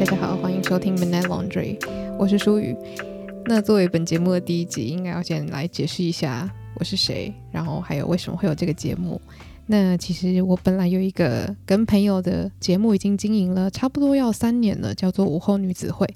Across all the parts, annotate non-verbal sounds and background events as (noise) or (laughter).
大家好，歡迎收聽《Manet Laundry》，我是舒雨。那作為本節目的第一集，應該要先來解釋一下我是誰，然後還有為什麼會有這個節目。那其實我本來有一個跟朋友的節目，已經經營了差不多要三年了，叫做《午後女子會》。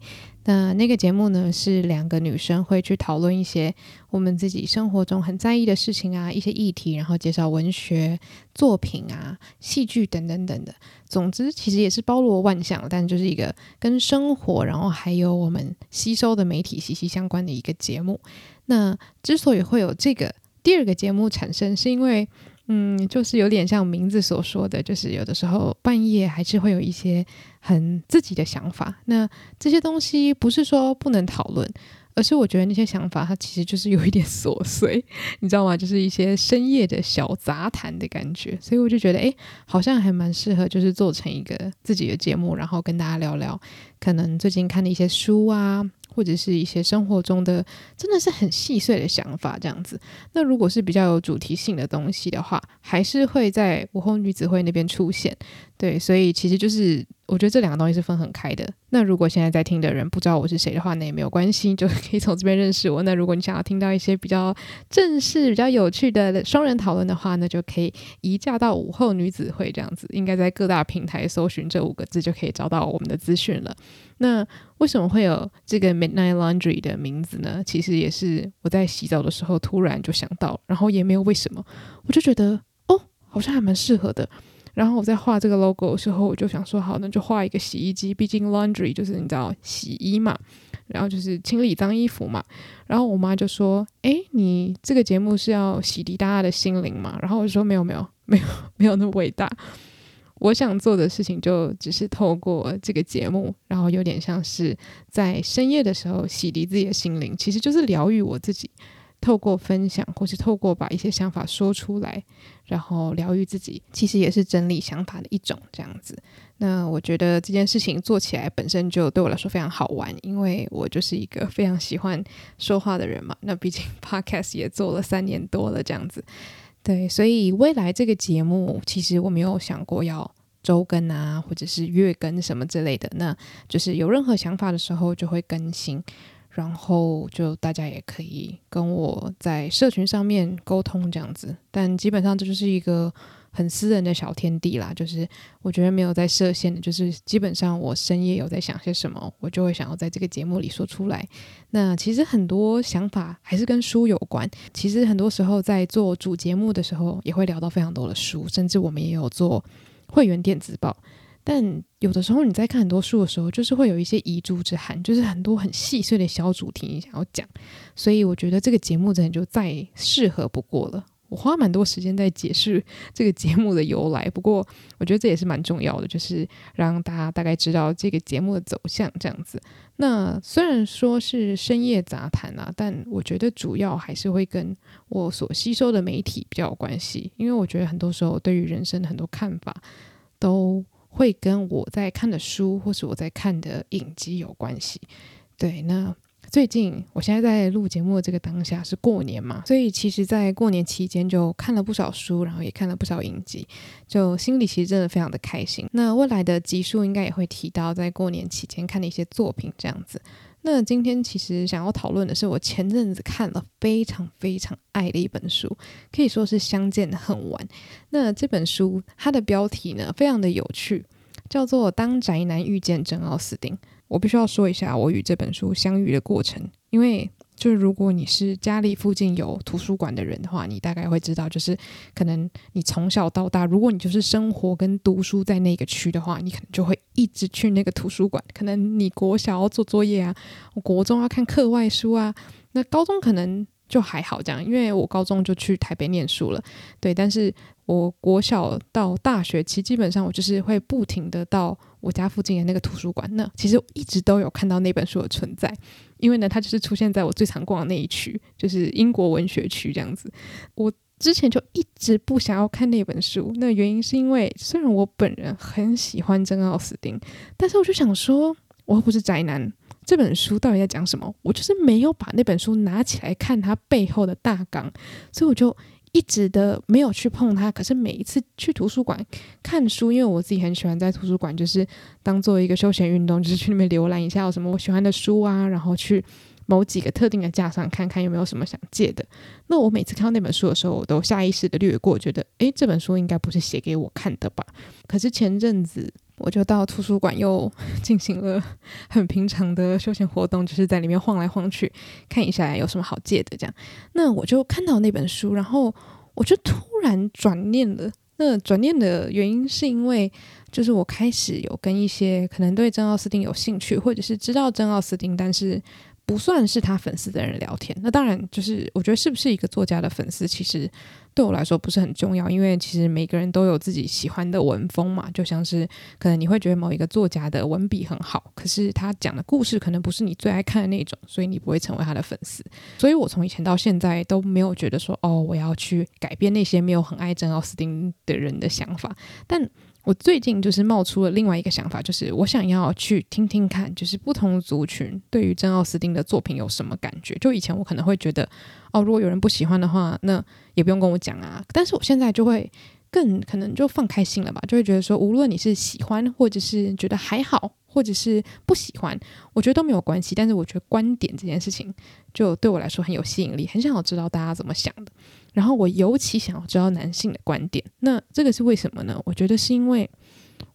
那那個節目呢，是兩個女生會去討論一些我們自己生活中很在意的事情啊，一些議題，然後介紹文學作品啊、戲劇等等等等的。總之，其實也是包羅萬象，但就是一個跟生活，然後還有我們吸收的媒體息息相關的一個節目。那之所以會有這個第二個節目產生，是因為。嗯，就是有點像名字所說的，就是有的時候半夜還是會有一些很自己的想法。那這些東西不是說不能討論，而是我覺得那些想法它其實就是有一點瑣碎，你知道嗎？就是一些深夜的小雜談的感覺。所以我就覺得，哎、欸，好像還蠻適合，就是做成一個自己的節目，然後跟大家聊聊，可能最近看的一些書啊。或者是一些生活中的，真的是很細碎的想法這樣子。那如果是比較有主題性的東西的話，還是會在午後女子會那邊出現。對，所以其實就是。我覺得這兩個東西是分很開的。那如果現在在聽的人不知道我是誰的話，那也沒有關係，就可以從這邊認識我。那如果你想要聽到一些比較正式、比較有趣的雙人討論的話，那就可以移駕到午後女子會這樣子，應該在各大平台搜尋這五個字就可以找到我們的資訊了。那為什麼會有這個 Midnight Laundry 的名字呢？其實也是我在洗澡的時候突然就想到，然後也沒有為什麼，我就覺得哦，好像還蠻適合的。然後我在畫這個 logo 的時候，我就想說，好，那就畫一個洗衣機，畢竟 laundry 就是你知道洗衣嘛，然後就是清理髒衣服嘛。然後我媽就說：“哎，你這個節目是要洗滌大家的心靈嗎？”然後我就說：“沒有，沒有，沒有，沒有那麼偉大。我想做的事情就只是透過這個節目，然後有點像是在深夜的時候洗滌自己的心靈，其實就是療癒我自己。”透過分享，或是透過把一些想法說出來，然後療癒自己，其實也是整理想法的一種這樣子。那我覺得這件事情做起來本身就對我來說非常好玩，因為我就是一個非常喜歡說話的人嘛。那畢竟 Podcast 也做了三年多了，這樣子。對，所以未來這個節目其實我沒有想過要週更啊，或者是月更什麼之類的。那就是有任何想法的時候就會更新。然後就大家也可以跟我在社群上面溝通這樣子，但基本上這就是一個很私人的小天地啦，就是我覺得沒有在設限的，就是基本上我深夜有在想些什麼，我就會想要在這個節目裡說出來。那其實很多想法還是跟書有關，其實很多時候在做主節目的時候也會聊到非常多的書，甚至我們也有做會員電子報。但有的時候你在看很多書的時候，就是會有一些遺珠之憾，就是很多很細碎的小主題你想要講，所以我覺得這個節目真的就再適合不過了。我花蠻多時間在解釋這個節目的由來，不過我覺得這也是蠻重要的，就是讓大家大概知道這個節目的走向這樣子。那雖然說是深夜雜談啊，但我覺得主要還是會跟我所吸收的媒體比較有關係，因為我覺得很多時候對於人生的很多看法都。會跟我在看的書，或是我在看的影集有關係。對，那最近我現在在錄節目這個當下是過年嘛，所以其實，在過年期間就看了不少書，然後也看了不少影集，就心裡其實真的非常的開心。那未來的集數應該也會提到在過年期間看的一些作品這樣子。那今天其實想要討論的是我前陣子看了非常非常愛的一本書，可以說是相見恨晚。那這本書它的標題呢，非常的有趣，叫做《當宅男遇見珍奧斯汀》。我必須要說一下我與這本書相遇的過程，因為。就是如果你是家裡附近有圖書館的人的話，你大概會知道，就是可能你從小到大，如果你就是生活跟讀書在那個區的話，你可能就會一直去那個圖書館。可能你國小要做作業啊，國中要看課外書啊，那高中可能就還好這樣，因為我高中就去台北念書了，對。但是我國小到大學期，基本上我就是會不停的到。我家附近的那個圖書館，那其實我一直都有看到那本書的存在，因為呢，它就是出現在我最常逛的那一區，就是英國文學區這樣子。我之前就一直不想要看那本書，那原因是因為雖然我本人很喜歡珍·奧斯汀，但是我就想說，我又不是宅男，這本書到底在講什麼？我就是沒有把那本書拿起來看它背後的大綱，所以我就。一直的沒有去碰它，可是每一次去圖書館看書，因為我自己很喜歡在圖書館，就是當做一個休閒運動，就是去那邊瀏覽一下有什麼我喜歡的書啊，然後去某幾個特定的架上看看有沒有什麼想借的。那我每次看到那本書的時候，我都下意識的略過，覺得哎，這本書應該不是寫給我看的吧？可是前陣子。我就到圖書館，又進行了很平常的休閒活動，就是在裡面晃來晃去，看一下有什麼好借的這樣。那我就看到那本書，然後我就突然轉念了。那轉念的原因是因為，就是我開始有跟一些可能對珍奧斯汀有興趣，或者是知道珍奧斯汀，但是不算是他粉絲的人聊天。那當然，就是我覺得是不是一個作家的粉絲，其實。對我來說不是很重要，因為其實每個人都有自己喜歡的文風嘛。就像是可能你會覺得某一個作家的文筆很好，可是他講的故事可能不是你最愛看的那種，所以你不會成為他的粉絲。所以我從以前到現在都沒有覺得說，哦，我要去改變那些沒有很愛珍奧斯汀的人的想法，但我最近就是冒出了另外一個想法，就是我想要去聽聽看，就是不同族群對於珍奧斯汀的作品有什麼感覺。就以前我可能會覺得，哦，如果有人不喜歡的話，那也不用跟我講啊。但是我現在就會更可能就放開心了吧，就會覺得說，無論你是喜歡，或者是覺得還好，或者是不喜歡，我覺得都沒有關係。但是我覺得觀點這件事情，就對我來說很有吸引力，很想要知道大家怎麼想的。然後我尤其想要知道男性的觀點，那這個是為什麼呢？我覺得是因為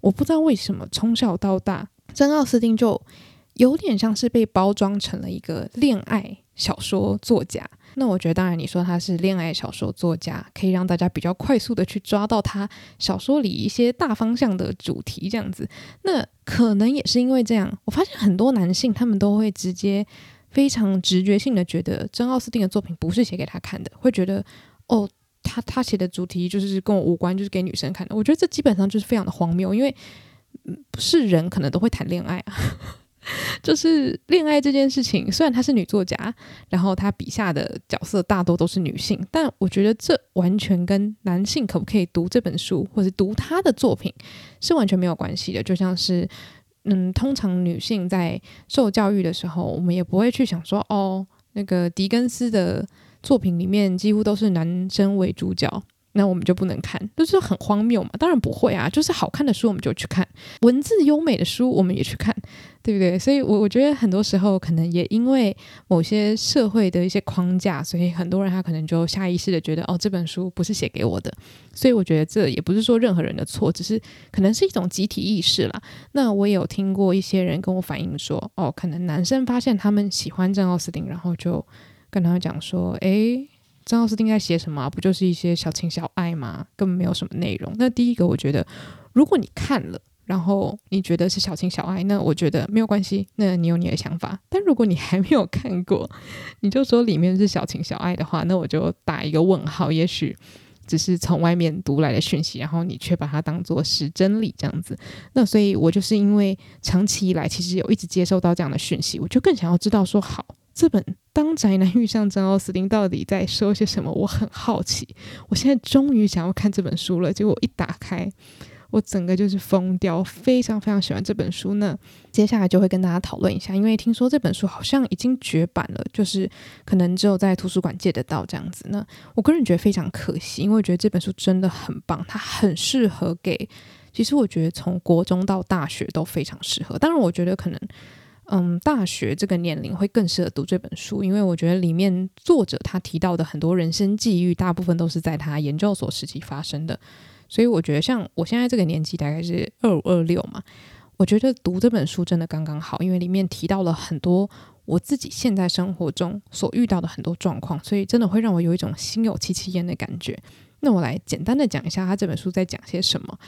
我不知道為什麼從小到大，珍奧斯汀就有點像是被包裝成了一個戀愛小說作家。那我覺得，當然你說他是戀愛小說作家，可以讓大家比較快速的去抓到他小說裡一些大方向的主題，這樣子。那可能也是因為這樣，我發現很多男性他們都會直接非常直覺性的覺得珍奧斯汀的作品不是寫給他看的，會覺得。哦，他他寫的主題就是跟我無關，就是給女生看的。我覺得這基本上就是非常的荒謬，因為不是人可能都會談戀愛啊。 (laughs) 就是戀愛這件事情，雖然她是女作家，然後她筆下的角色大多都是女性，但我覺得這完全跟男性可不可以讀這本書或者讀她的作品是完全沒有關係的。就像是，嗯，通常女性在受教育的時候，我們也不會去想說，哦，那個狄更斯的。作品裡面幾乎都是男生為主角，那我們就不能看，就是很荒謬嘛。當然不會啊，就是好看的書我們就去看，文字優美的書我們也去看，對不對？所以我，我我覺得很多時候可能也因為某些社會的一些框架，所以很多人他可能就下意識的覺得，哦，這本書不是寫給我的。所以，我覺得這也不是說任何人的錯，只是可能是一種集體意識啦。那我也有聽過一些人跟我反映說，哦，可能男生發現他們喜歡珍奧斯汀，然後就。跟他講說，誒，張老師應該寫什麼啊？不就是一些小情小愛嗎？根本沒有什麼內容。那第一個，我覺得，如果你看了，然後你覺得是小情小愛，那我覺得沒有關係，那你有你的想法。但如果你還沒有看過，你就說裡面是小情小愛的話，那我就打一個問號。也許只是從外面讀來的訊息，然後你卻把它當作是真理這樣子。那所以我就是因為長期以來其實有一直接受到這樣的訊息，我就更想要知道說好。這本《當宅男遇上珍奧斯汀》到底在說些什麼？我很好奇。我現在終於想要看這本書了。結果一打開，我整個就是瘋掉，非常非常喜歡這本書呢。那接下來就會跟大家討論一下，因為聽說這本書好像已經絕版了，就是可能只有在圖書館借得到這樣子呢。那我個人覺得非常可惜，因為我覺得這本書真的很棒，它很適合給，其實我覺得從國中到大學都非常適合。當然我覺得可能。嗯，大學這個年齡會更適合讀這本書，因為我覺得裡面作者他提到的很多人生際遇，大部分都是在他研究所時期發生的。所以我覺得，像我現在這個年紀，大概是二五二六嘛，我覺得讀這本書真的剛剛好，因為裡面提到了很多我自己現在生活中所遇到的很多狀況，所以真的會讓我有一種心有戚戚焉的感覺。那我來簡單的講一下他這本書在講些什麼。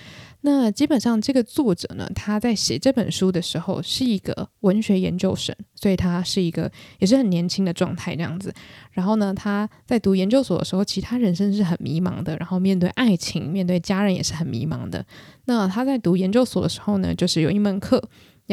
那基本上這個作者呢，他在寫這本書的時候是一個文學研究生，所以他是一個也是很年輕的狀態這樣子。然後呢，他在讀研究所的時候，其他人生是很迷茫的，然後面對愛情、面對家人也是很迷茫的。那他在讀研究所的時候呢，就是有一門課。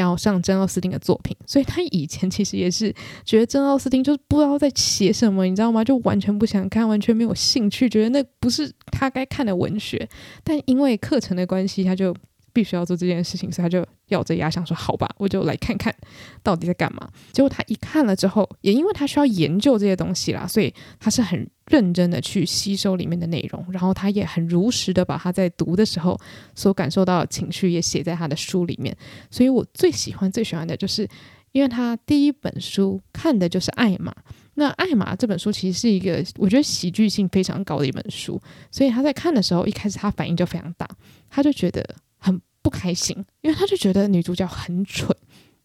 要上珍奧斯汀的作品，所以他以前其實也是覺得珍奧斯汀就是不知道在寫什麼，你知道嗎？就完全不想看，完全沒有興趣，覺得那不是他該看的文學。但因為課程的關係，他就。必須要做這件事情，所以他就咬着牙想說：“好吧，我就來看看到底在幹嘛。”結果他一看了之後，也因為他需要研究這些東西啦，所以他是很認真的去吸收裡面的內容，然後他也很如實的把他在讀的時候所感受到的情緒也寫在他的書裡面。所以我最喜歡最喜歡的就是，因為他第一本書看的就是《艾瑪》，那《艾瑪》這本書其實是一個我覺得喜劇性非常高的一本書，所以他在看的時候，一開始他反應就非常大，他就覺得。不開心，因為他就覺得女主角很蠢。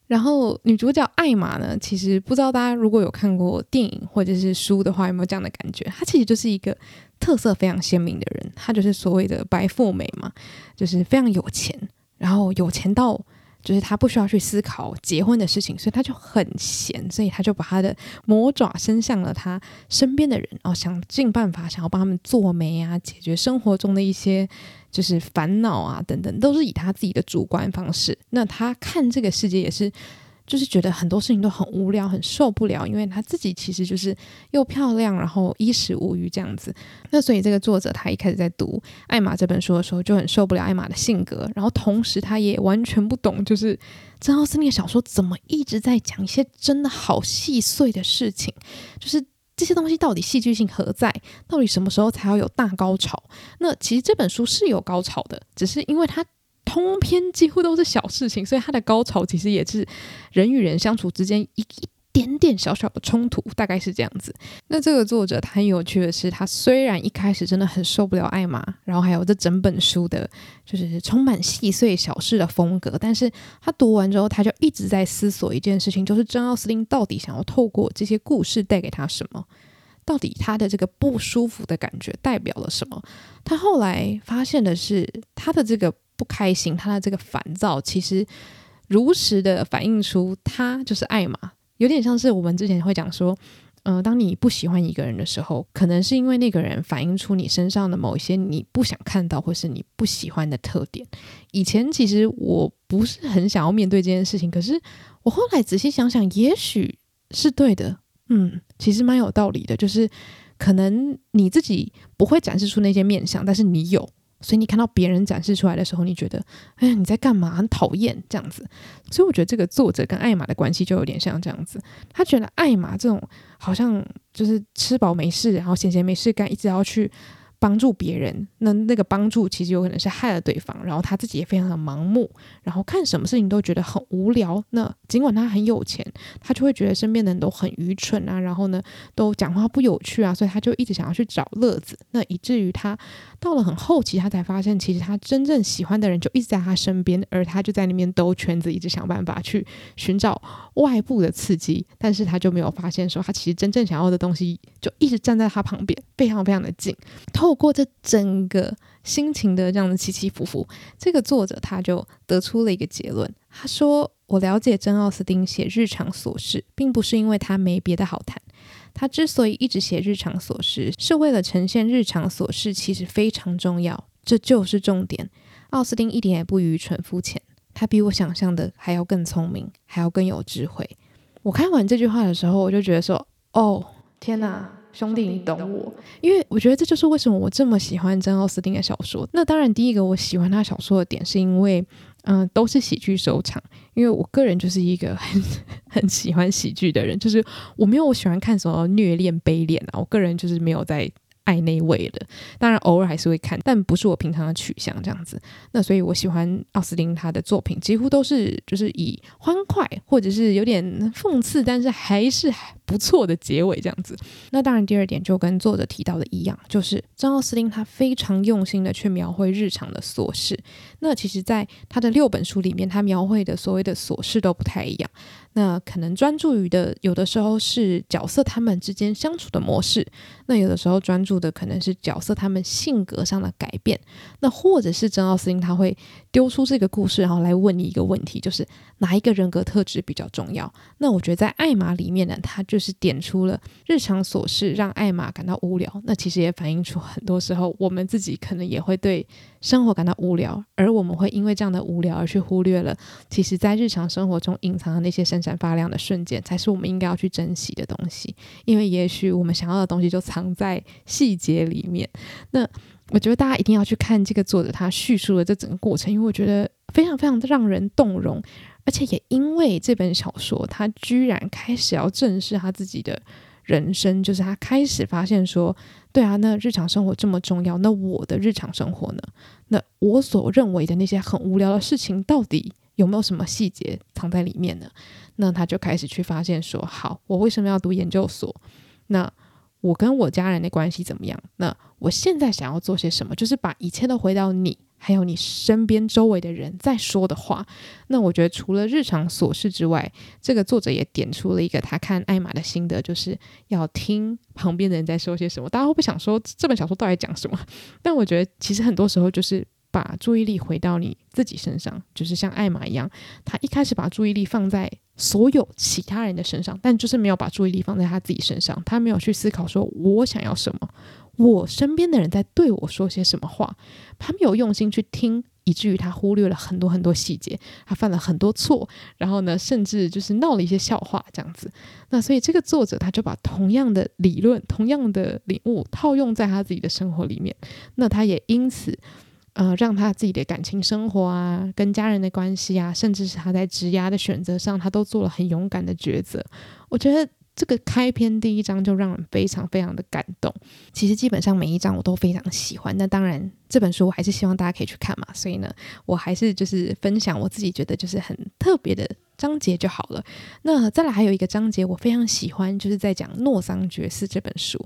然後女主角艾瑪呢，其實不知道大家如果有看過電影或者是書的話，有沒有這樣的感覺？她其實就是一個特色非常鮮明的人，她就是所謂的白富美嘛，就是非常有錢，然後有錢到。就是他不需要去思考結婚的事情，所以他就很閒，所以他就把他的魔爪伸向了他身邊的人，哦，想盡辦法想要幫他們做媒啊，解決生活中的一些就是煩惱啊等等，都是以他自己的主觀方式。那他看這個世界也是。就是覺得很多事情都很無聊，很受不了，因為他自己其實就是又漂亮，然後衣食無虞這樣子。那所以這個作者他一開始在讀艾瑪這本書的時候就很受不了艾瑪的性格，然後同時他也完全不懂，就是珍奧斯汀那個小說怎麼一直在講一些真的好細碎的事情，就是這些東西到底戲劇性何在，到底什麼時候才要有大高潮？那其實這本書是有高潮的，只是因為他。通篇幾乎都是小事情，所以它的高潮其實也是人與人相處之間一一點點小小的衝突，大概是這樣子。那這個作者他很有趣的是，他雖然一開始真的很受不了艾瑪，然後還有這整本書的就是充滿細碎小事的風格，但是他讀完之後，他就一直在思索一件事情，就是珍奧斯汀到底想要透過這些故事帶給他什麼？到底他的這個不舒服的感覺代表了什麼？他後來發現的是，他的這個。不開心，他的這個煩躁其實如實的反映出他就是愛嘛，有點像是我們之前會講說，嗯、呃，當你不喜歡一個人的時候，可能是因為那個人反映出你身上的某一些你不想看到或是你不喜歡的特點。以前其實我不是很想要面對這件事情，可是我後來仔細想想，也許是對的，嗯，其實蠻有道理的，就是可能你自己不會展示出那些面向，但是你有。所以你看到別人展示出來的時候，你覺得，哎呀，你在幹嘛？很討厭這樣子。所以我覺得這個作者跟艾瑪的關係就有點像這樣子，他覺得艾瑪這種好像就是吃飽沒事，然後閒閒沒事幹，該一直要去。幫助別人，那那個幫助其實有可能是害了對方，然後他自己也非常的盲目，然後看什麼事情都覺得很無聊。那儘管他很有錢，他就會覺得身邊的人都很愚蠢啊，然後呢都講話不有趣啊，所以他就一直想要去找樂子。那以至於他到了很後期，他才發現其實他真正喜歡的人就一直在他身邊，而他就在那邊兜圈子，一直想辦法去尋找外部的刺激，但是他就沒有發現說他其實真正想要的東西就一直站在他旁邊。非常非常的近，透過這整個心情的這樣的起起伏伏，這個作者他就得出了一個結論。他說：“我了解珍奧斯汀寫日常瑣事，並不是因為他沒別的好談，他之所以一直寫日常瑣事，是為了呈現日常瑣事其實非常重要，這就是重點。奧斯汀一點也不愚蠢膚淺，他比我想象的還要更聰明，還要更有智慧。”我看完這句話的時候，我就覺得說：“哦，天哪！”兄弟，你懂我，懂我，因為我覺得這就是為什麼我這麼喜歡珍奧斯汀的小說。那當然，第一個我喜歡他小說的點，是因為嗯、呃，都是喜劇收場。因為我個人就是一個很很喜歡喜劇的人，就是我沒有，我喜歡看什麼虐戀、悲戀啊，我個人就是沒有在愛那位的。當然偶爾還是會看，但不是我平常的取向這樣子。那所以我喜歡奧斯汀他的作品，幾乎都是就是以歡快或者是有點諷刺，但是還是。不錯的結尾，這樣子。那當然，第二點就跟作者提到的一樣，就是珍奧斯汀他非常用心地去描繪日常的瑣事。那其實，在他的六本書裡面，他描繪的所謂的瑣事都不太一樣。那可能專注於的，有的時候是角色他們之間相處的模式；那有的時候專注的可能是角色他們性格上的改變；那或者是珍奧斯汀他會。丟出這個故事，然後來問你一個問題，就是哪一個人格特質比較重要？那我覺得在艾瑪裡面呢，它就是點出了日常瑣事讓艾瑪感到無聊。那其實也反映出很多時候我們自己可能也會對生活感到無聊，而我們會因為這樣的無聊而去忽略了，其實在日常生活中隱藏的那些閃閃發亮的瞬間，才是我們應該要去珍惜的東西。因為也許我們想要的東西就藏在細節裡面。那我覺得大家一定要去看這個作者他敘述的這整個過程，因為我覺得非常非常的讓人動容，而且也因為這本小說，他居然開始要正視他自己的人生，就是他開始發現說，對啊，那日常生活這麼重要，那我的日常生活呢？那我所認為的那些很無聊的事情，到底有沒有什麼細節藏在裡面呢？那他就開始去發現說，好，我為什麼要讀研究所？那我跟我家人的關係怎麼樣？那我現在想要做些什麼？就是把一切都回到你，還有你身邊周圍的人在說的話。那我覺得除了日常瑣事之外，這個作者也點出了一個他看艾瑪的心得，就是要聽旁邊的人在說些什麼。大家會不會想說這本小說到底講什麼？但我覺得其實很多時候就是。把注意力回到你自己身上，就是像艾瑪一樣，他一開始把注意力放在所有其他人的身上，但就是沒有把注意力放在他自己身上。他沒有去思考說我想要什麼，我身邊的人在對我說些什麼話，他沒有用心去聽，以至於他忽略了很多很多細節，他犯了很多錯，然後呢，甚至就是鬧了一些笑話這樣子。那所以這個作者他就把同樣的理論、同樣的領悟套用在他自己的生活裡面，那他也因此。呃，讓他自己的感情生活啊，跟家人的關係啊，甚至是他在職涯的選擇上，他都做了很勇敢的抉擇。我覺得。這個開篇第一章就讓人非常非常的感動。其實基本上每一章我都非常喜歡。那當然這本書我還是希望大家可以去看嘛。所以呢，我還是就是分享我自己覺得就是很特別的章節就好了。那再來還有一個章節我非常喜歡，就是在講《諾桑覺寺》這本書。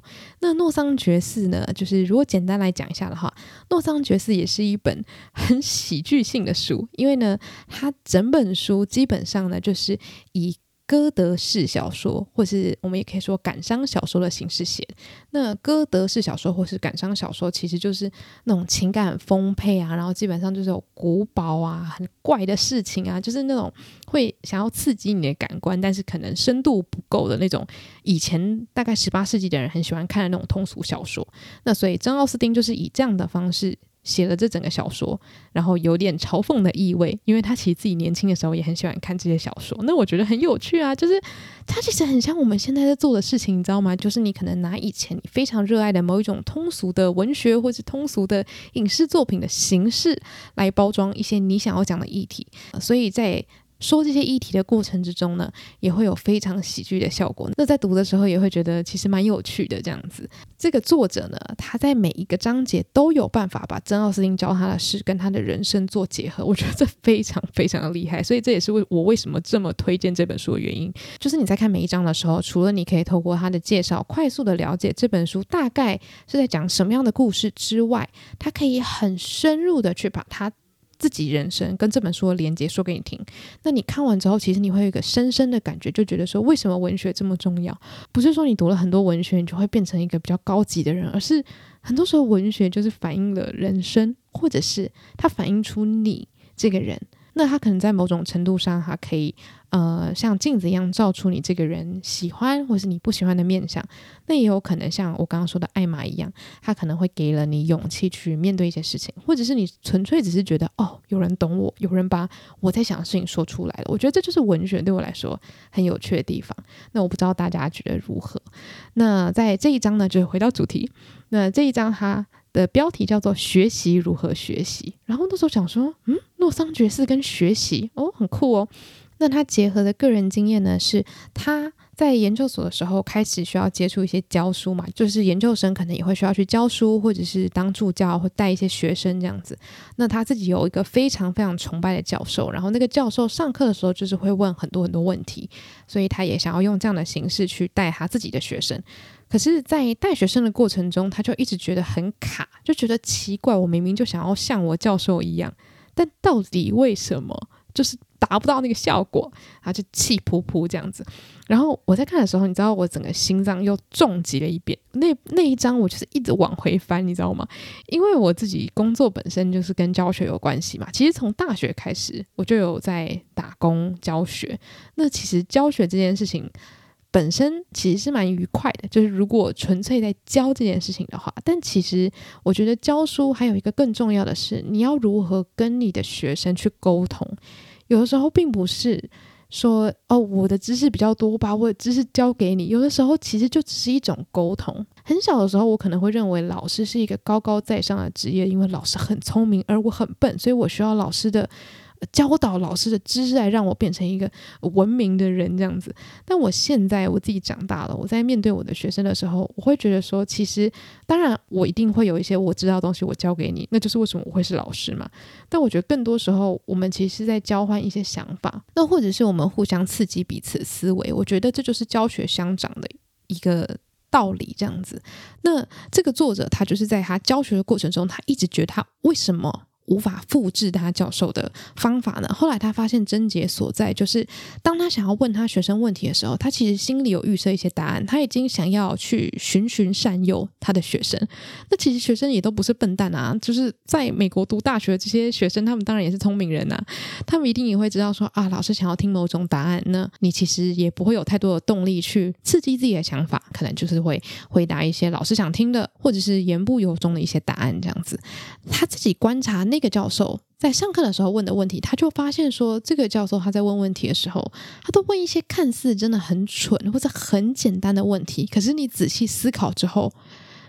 那《諾桑覺寺》呢，就是如果簡單來講一下的話，《諾桑覺寺》也是一本很喜劇性的書，因為呢，它整本書基本上呢就是以。歌德式小說，或是我們也可以說感傷小說的形式寫。那歌德式小說或是感傷小說，其實就是那種情感豐沛啊，然後基本上就是有古堡啊、很怪的事情啊，就是那種會想要刺激你的感官，但是可能深度不夠的那種。以前大概十八世紀的人很喜歡看的那種通俗小說。那所以，珍奧斯汀就是以這樣的方式。寫了這整個小說，然後有點嘲諷的意味，因為他其實自己年輕的時候也很喜歡看這些小說。那我覺得很有趣啊，就是他其實很像我們現在在做的事情，你知道嗎？就是你可能拿以前你非常熱愛的某一種通俗的文學，或者是通俗的影視作品的形式來包裝一些你想要講的議題，呃，所以在。說這些議題的過程之中呢，也會有非常喜劇的效果。那在讀的時候也會覺得其實蠻有趣的這樣子。這個作者呢，他在每一個章節都有辦法把珍奧斯汀教他的事跟他的人生做結合，我覺得這非常非常的厲害。所以這也是為我為什麼這麼推薦這本書的原因。就是你在看每一章的時候，除了你可以透過他的介紹快速的了解這本書大概是在講什麼樣的故事之外，他可以很深入的去把它。自己人生跟這本書的連接，說給你聽。那你看完之後，其實你會有一個深深的感覺，就覺得說，為什麼文學這麼重要？不是說你讀了很多文學，你就會變成一個比較高級的人，而是很多時候文學就是反映了人生，或者是它反映出你這個人。那他可能在某種程度上，他可以，呃，像鏡子一樣照出你這個人喜歡或是你不喜歡的面相。那也有可能像我剛剛說的艾瑪一樣，他可能會給了你勇氣去面對一些事情，或者是你純粹只是覺得，哦，有人懂我，有人把我在想的事情說出來了。我覺得這就是文學對我來說很有趣的地方。那我不知道大家覺得如何？那在這一章呢，就回到主題。那這一章他。的標題叫做《學習如何學習》，然後那時候想說，嗯，諾桑覺寺跟學習哦，很酷哦。那他結合的個人經驗呢，是他。在研究所的時候，開始需要接觸一些教書嘛，就是研究生可能也會需要去教書，或者是當助教，或帶一些學生這樣子。那他自己有一個非常非常崇拜的教授，然後那個教授上課的時候就是會問很多很多問題，所以他也想要用這樣的形式去帶他自己的學生。可是，在帶學生的過程中，他就一直覺得很卡，就覺得奇怪，我明明就想要像我教授一樣，但到底為什麼？就是。達不到那個效果，然後就氣噗噗，這樣子。然後我在看的時候，你知道我整個心臟又重擊了一遍。那那一張我就是一直往回翻，你知道嗎？因為我自己工作本身就是跟教學有關係嘛。其實從大學開始我就有在打工教學。那其實教學這件事情本身其實是蠻愉快的，就是如果純粹在教這件事情的話。但其實我覺得教書還有一個更重要的是，你要如何跟你的學生去溝通。有的時候並不是說哦，我的知識比較多，把我的知識教給你。有的時候其實就只是一種溝通。很小的時候，我可能會認為老師是一個高高在上的職業，因為老師很聰明，而我很笨，所以我需要老師的教導老師的知識來讓我變成一個文明的人這樣子，但我現在我自己長大了，我在面對我的學生的時候，我會覺得說，其實當然我一定會有一些我知道的東西我教給你，那就是為什麼我會是老師嘛。但我覺得更多時候，我們其實是在交換一些想法，那或者是我們互相刺激彼此思維。我覺得這就是教學相長的一個道理，這樣子。那這個作者他就是在他教學的過程中，他一直覺得他為什麼？無法複製他教授的方法呢？後來他發現症結所在，就是當他想要問他學生問題的時候，他其實心裡有預設一些答案，他已經想要去循循善誘他的學生。那其實學生也都不是笨蛋啊，就是在美國讀大學這些學生，他們當然也是聰明人啊，他們一定也會知道說啊，老師想要聽某種答案呢，那你其實也不會有太多的動力去刺激自己的想法，可能就是會回答一些老師想聽的，或者是言不由衷的一些答案這樣子。他自己觀察那。一個教授在上課的時候問的問題，他就發現說，這個教授他在問問題的時候，他都問一些看似真的很蠢或者很簡單的問題。可是你仔細思考之後，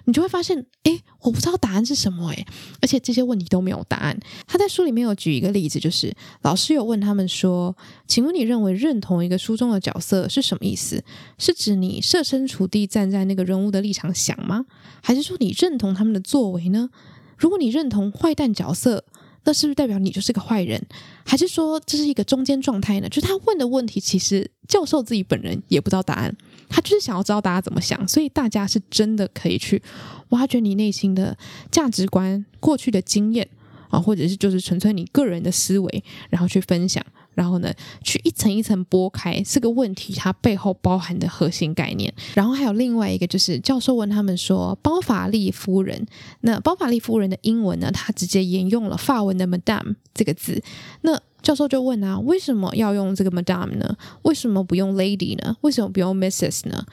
你就會發現，哎，我不知道答案是什麼，欸，誒，而且這些問題都沒有答案。他在書裡面有舉一個例子，就是老師有問他們說：“請問你認為認同一個書中的角色是什麼意思？是指你設身處地站在那個人物的立場想嗎？還是說你認同他們的作為呢？”如果你認同壞蛋角色，那是不是代表你就是個壞人？還是說這是一個中間狀態呢？就是他問的問題，其實教授自己本人也不知道答案，他就是想要知道大家怎麼想。所以大家是真的可以去挖掘你內心的價值觀、過去的經驗啊，或者是就是純粹你個人的思維，然後去分享。然後呢，去一層一層剝開，這個問題，它背後包含的核心概念。然後還有另外一個，就是教授問他們說，包法利夫人，那包法利夫人的英文呢？他直接沿用了法文的 Madame 這個字。那教授就問啊，為什麼要用這個 Madame 呢？為什麼不用 Lady 呢？為什麼不用 Mrs. 呢？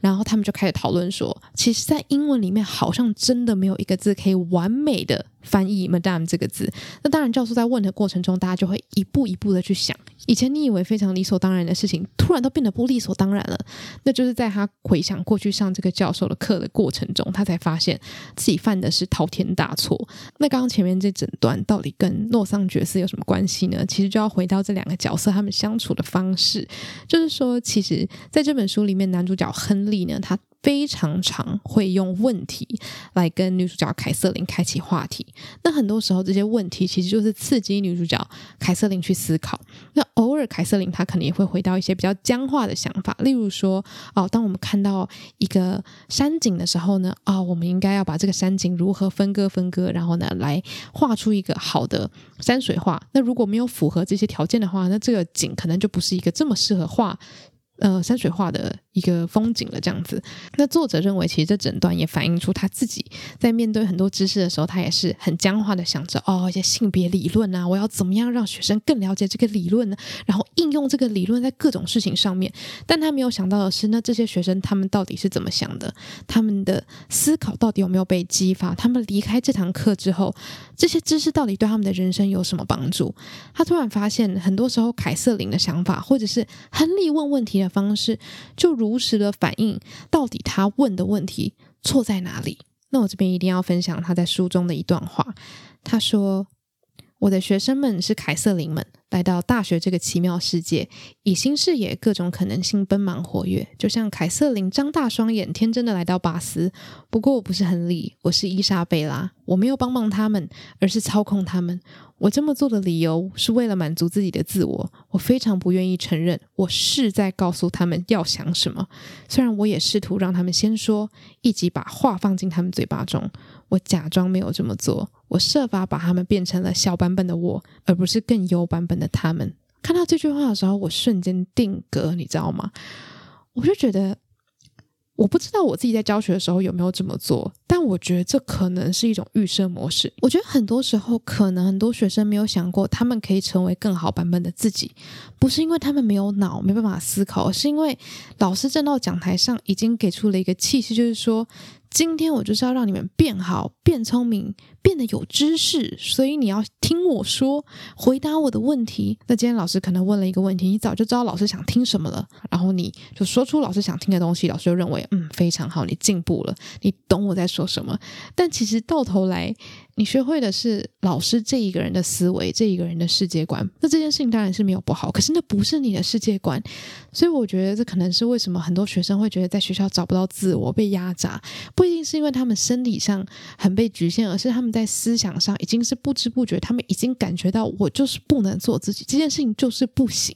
然後他們就開始討論說，其實，在英文裡面，好像真的沒有一個字可以完美的。翻譯 Madam 這個字，那當然教授在問的過程中，大家就會一步一步的去想，以前你以為非常理所當然的事情，突然都變得不理所當然了。那就是在他回想過去上這個教授的課的過程中，他才發現自己犯的是滔天大錯。那剛剛前面這整段到底跟諾桑覺寺有什麼關係呢？其實就要回到這兩個角色他們相處的方式，就是說，其實在這本書裡面，男主角亨利呢，他，非常常會用問題來跟女主角凱瑟琳開啟話題。那很多時候這些問題其實就是刺激女主角凱瑟琳去思考。那偶爾凱瑟琳她可能也會回到一些比較僵化的想法，例如說哦，當我們看到一個山景的時候呢，啊、哦，我們應該要把這個山景如何分割分割，然後呢來畫出一個好的山水畫。那如果沒有符合這些條件的話，那這個景可能就不是一個這麼適合畫呃山水畫的一個風景的這樣子，那作者認為，其實這整段也反映出他自己在面對很多知識的時候，他也是很僵化的，想着哦，一些性別理論啊，我要怎麼樣讓學生更了解這個理論呢、啊？然後應用這個理論在各種事情上面。但他沒有想到的是，那這些學生他們到底是怎麼想的？他們的思考到底有沒有被激發？他們離開這堂課之後，這些知識到底對他們的人生有什麼幫助？他突然發現，很多時候凱瑟琳的想法，或者是亨利問問題的方式，就。如實的反映，到底他問的問題錯在哪裡？那我這邊一定要分享他在書中的一段話。他說：“我的學生們是凱瑟琳們，來到大學這個奇妙世界，以新視野、各種可能性奔忙活躍，就像凱瑟琳張大雙眼，天真的來到巴斯。不過我不是亨利，我是伊莎貝拉，我沒有幫忙他們，而是操控他們。”我這麼做的理由是為了滿足自己的自我，我非常不願意承認我是在告訴他們要想什麼。雖然我也試圖讓他們先說，以及把話放進他們嘴巴中，我假裝沒有這麼做。我設法把他們變成了小版本的我，而不是更優版本的他們。看到這句話的時候，我瞬間定格，你知道嗎？我就覺得。我不知道我自己在教學的時候有沒有這麼做，但我覺得這可能是一種預設模式。我覺得很多時候，可能很多學生沒有想過他們可以成為更好版本的自己，不是因為他們沒有腦，沒辦法思考，而是因為老師站到講台上，已經給出了一個氣勢，就是說。今天我就是要讓你們變好、變聰明、變得有知識，所以你要聽我說，回答我的問題。那今天老師可能問了一個問題，你早就知道老師想聽什麼了，然後你就說出老師想聽的東西，老師就認為，嗯，非常好，你進步了，你懂我在說什麼。但其實到頭來。你學會的是老師這一個人的思維，這一個人的世界觀。那這件事情當然是沒有不好，可是那不是你的世界觀。所以我覺得這可能是為什麼很多學生會覺得在學校找不到自我，被壓榨，不一定是因為他們身體上很被局限，而是他們在思想上已經是不知不覺，他們已經感覺到我就是不能做自己，這件事情就是不行。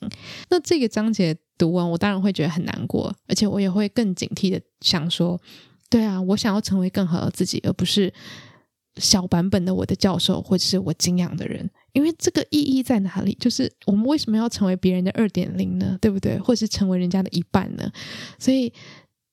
那這個章節讀完，我當然會覺得很難過，而且我也會更警惕地想說，對啊，我想要成為更好的自己，而不是。小版本的我的教授，或者是我敬仰的人，因為這個意義在哪裡？就是我們為什麼要成為別人的二點零呢？對不對？或是成為人家的一半呢？所以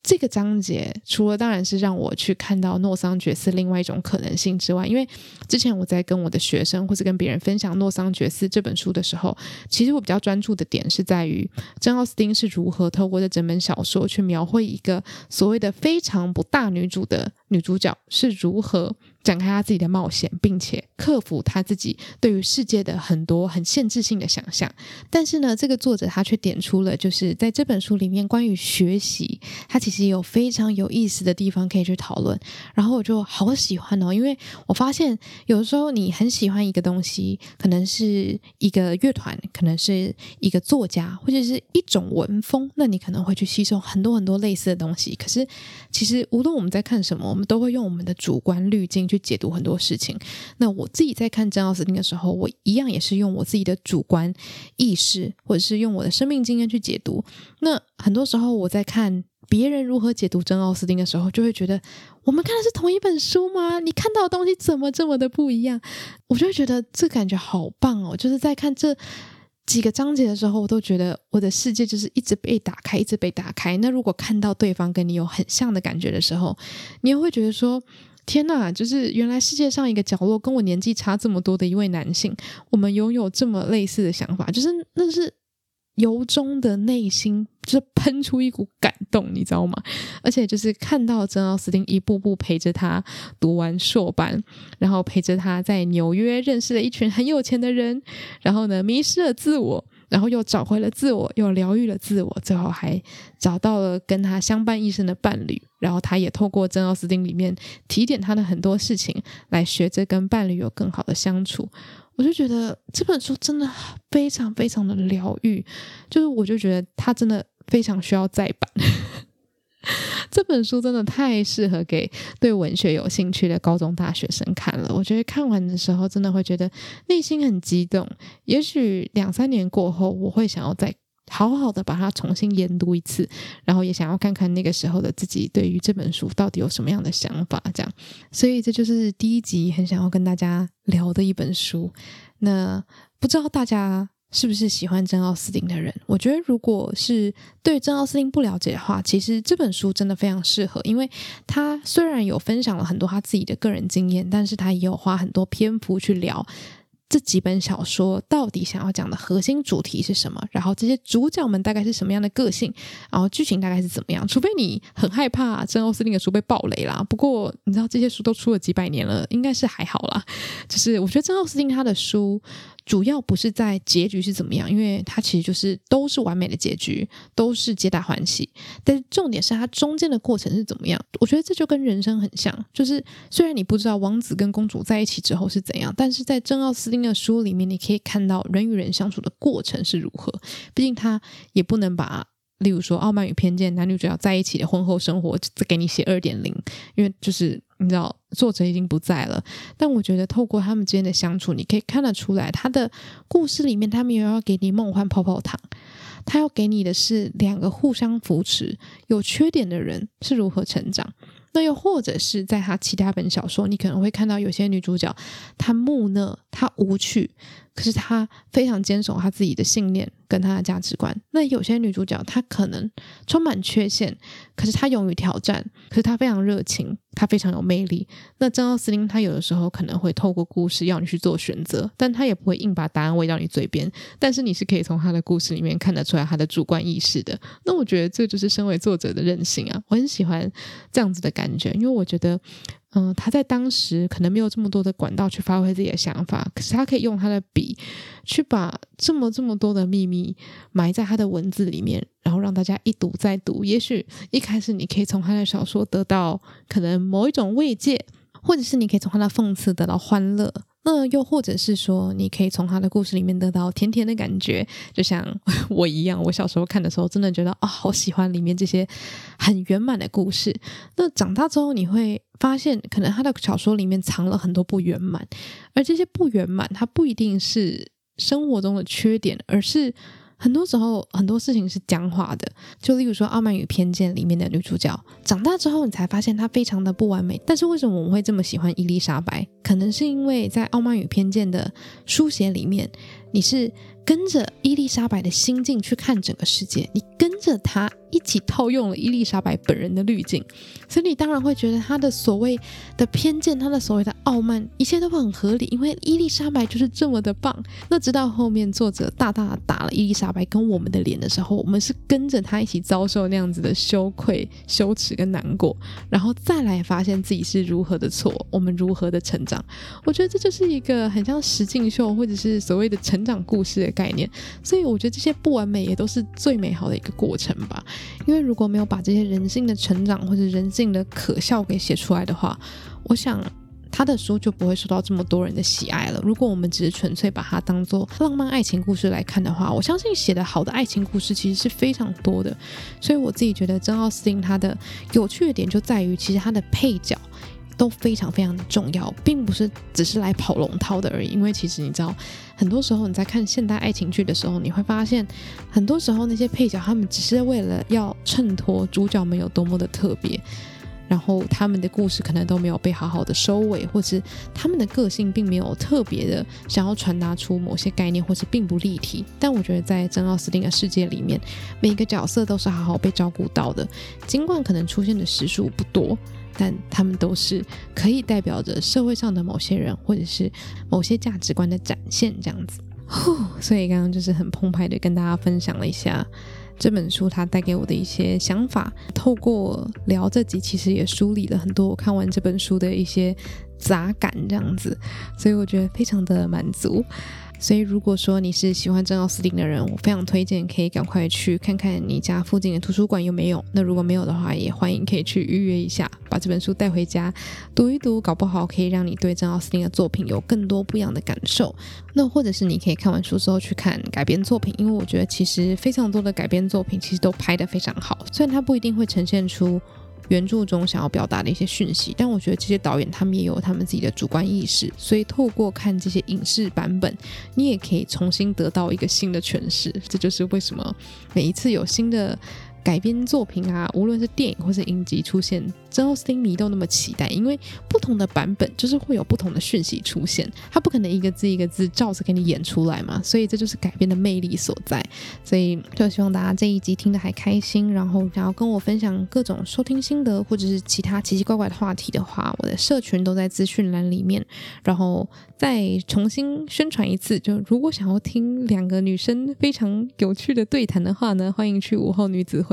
這個章節除了當然是讓我去看到諾桑覺斯另外一種可能性之外，因為之前我在跟我的學生或是跟別人分享《諾桑覺斯》這本書的時候，其實我比較專注的點是在於，珍奧斯汀是如何透過這整本小說去描繪一個所謂的非常不大女主的女主角是如何，展開他自己的冒險，並且克服他自己對於世界的很多很限制性的想象。但是呢，這個作者他卻點出了，就是在這本書裡面關於學習，他其實有非常有意思的地方可以去討論。然後我就好喜歡哦，因為我發現有時候你很喜歡一個東西，可能是一個樂團，可能是一個作家，或者是一種文風，那你可能會去吸收很多很多類似的東西。可是其實無論我們在看什麼，我們都會用我們的主觀濾鏡去。去解讀很多事情。那我自己在看珍奧斯汀的時候，我一樣也是用我自己的主觀意識，或者是用我的生命經驗去解讀。那很多時候我在看別人如何解讀珍奧斯汀的時候，就會覺得我們看的是同一本書嗎？你看到的東西怎麼這麼的不一樣？我就會覺得這感覺好棒哦！就是在看這幾個章節的時候，我都覺得我的世界就是一直被打開，一直被打開。那如果看到對方跟你有很像的感覺的時候，你也會覺得說。天吶！就是原來世界上一個角落跟我年紀差這麼多的一位男性，我們擁有這麼類似的想法，就是那是由衷的內心，就是噴出一股感動，你知道嗎？而且就是看到珍奧斯汀一步步陪着他讀完碩班，然後陪着他在紐約認識了一群很有錢的人，然後呢，迷失了自我。然後又找回了自我，又療癒了自我，最後還找到了跟他相伴一生的伴侶。然後他也透過《珍·奧斯汀》裡面提點他的很多事情，來學着跟伴侶有更好的相處。我就覺得這本書真的非常非常的療癒，就是我就覺得他真的非常需要再版。 (laughs) 這本書真的太適合給對文學有興趣的高中大學生看了。我覺得看完的時候，真的會覺得內心很激動。也許兩三年過後，我會想要再好好的把它重新研讀一次，然後也想要看看那個時候的自己對於這本書到底有什麼樣的想法。這樣，所以這就是第一集很想要跟大家聊的一本書。那不知道大家。是不是喜歡珍奧斯汀的人？我覺得，如果是對珍奧斯汀不了解的話，其實這本書真的非常適合，因為他雖然有分享了很多他自己的個人經驗，但是他也有花很多篇幅去聊。這幾本小說到底想要講的核心主題是什麼？然後這些主角們大概是什麼樣的個性？然後劇情大概是怎麼樣？除非你很害怕珍奧斯汀的書被爆雷啦。不過你知道這些書都出了幾百年了，應該是還好啦。就是我覺得珍奧斯汀他的書主要不是在結局是怎麼樣，因為他其實就是都是完美的結局，都是皆大歡喜。但是重點是他中間的過程是怎麼樣？我覺得這就跟人生很像，就是雖然你不知道王子跟公主在一起之後是怎樣，但是在珍奧斯汀。那書裡面你可以看到人與人相處的過程是如何，畢竟他也不能把，例如說《傲慢與偏見》男女主要在一起的婚後生活給你寫二點零，因為就是你知道作者已經不在了。但我覺得透過他們之間的相處，你可以看得出來，他的故事裡面他沒有要給你夢幻泡泡糖，他要給你的是兩個互相扶持、有缺點的人是如何成長。那又或者是在他其他本小說，你可能會看到有些女主角，她木訥，她無趣。可是她非常堅守她自己的信念跟她的價值觀。那有些女主角她可能充滿缺陷，可是她勇於挑戰，可是她非常熱情，她非常有魅力。那珍奧斯汀，她有的時候可能會透過故事要你去做選擇，但她也不會硬把答案餵到你嘴邊。但是你是可以從她的故事裡面看得出來她的主觀意識的。那我覺得這就是身為作者的任性啊，我很喜歡這樣子的感覺，因為我覺得。嗯，他在當時可能沒有這麼多的管道去發揮自己的想法，可是他可以用他的筆去把這麼這麼多的秘密埋在他的文字裡面，然後讓大家一讀再讀。也許一開始你可以從他的小說得到可能某一種慰藉，或者是你可以從他的諷刺得到歡樂。那又或者是說，你可以從他的故事裡面得到甜甜的感覺，就像我一樣。我小時候看的時候，真的覺得啊、哦，好喜歡裡面這些很圓滿的故事。那長大之後，你會發現，可能他的小說裡面藏了很多不圓滿，而這些不圓滿，它不一定是生活中的缺點，而是。很多時候，很多事情是僵化的。就例如說，《傲慢與偏見》裡面的女主角，長大之後你才發現她非常的不完美。但是為什麼我們會這麼喜歡伊麗莎白？可能是因為在《傲慢與偏見》的書寫裡面，你是跟着伊麗莎白的心境去看整個世界，你跟着她一起套用了伊麗莎白本人的濾鏡，所以你當然會覺得她的所謂的偏見，她的所謂的傲慢，一切都會很合理，因為伊麗莎白就是這麼的棒。那直到後面作者大大打了伊麗莎白跟我們的臉的時候，我們是跟着她一起遭受那樣子的羞愧、羞恥跟難過，然後再來發現自己是如何的錯，我們如何的成長。我覺得這就是一個很像實境秀或者是所謂的成長故事的概念。所以我覺得這些不完美也都是最美好的一個過程吧。因為如果沒有把這些人性的成長或者人性的可笑給寫出來的話，我想他的書就不會受到這麼多人的喜愛了。如果我們只是純粹把它當做浪漫愛情故事來看的話，我相信寫的好的愛情故事其實是非常多的。所以我自己覺得珍奧斯汀它的有趣的點就在於其實它的配角。都非常非常的重要，並不是只是來跑龍套的而已。因為其實你知道，很多時候你在看現代愛情劇的時候，你會發現，很多時候那些配角他們只是為了要襯托主角們有多麼的特別，然後他們的故事可能都沒有被好好的收尾，或是他們的個性並沒有特別的想要傳達出某些概念，或是並不立體。但我覺得在珍奧斯汀的世界裡面，每一個角色都是好好被照顧到的，儘管可能出現的時數不多。但他們都是可以代表着社會上的某些人，或者是某些價值觀的展現，這樣子。所以剛剛就是很澎湃的跟大家分享了一下這本書它帶給我的一些想法。透過聊這集，其實也梳理了很多我看完這本書的一些雜感，這樣子。所以我覺得非常的滿足。所以，如果說你是喜歡珍奧斯汀的人，我非常推薦，可以趕快去看看你家附近的圖書館有沒有。那如果沒有的話，也歡迎可以去預約一下，把這本書帶回家讀一讀，搞不好可以讓你對珍奧斯汀的作品有更多不一樣的感受。那或者是你可以看完書之後去看改編作品，因為我覺得其實非常多的改編作品其實都拍得非常好，雖然它不一定會呈現出。原著中想要表達的一些訊息，但我覺得這些導演他們也有他們自己的主觀意識，所以透過看這些影視版本，你也可以重新得到一個新的詮釋。這就是為什麼每一次有新的。改編作品啊，無論是電影或是影集出現之後，星迷都那麼期待，因為不同的版本就是會有不同的訊息出現，它不可能一個字一個字照着給你演出來嘛，所以這就是改編的魅力所在。所以就希望大家這一集聽得還開心，然後想要跟我分享各種收聽心得或者是其他奇奇怪怪的話題的話，我的社群都在資訊欄裡面，然後再重新宣傳一次。就如果想要聽兩個女生非常有趣的對談的話呢，歡迎去午後女子會。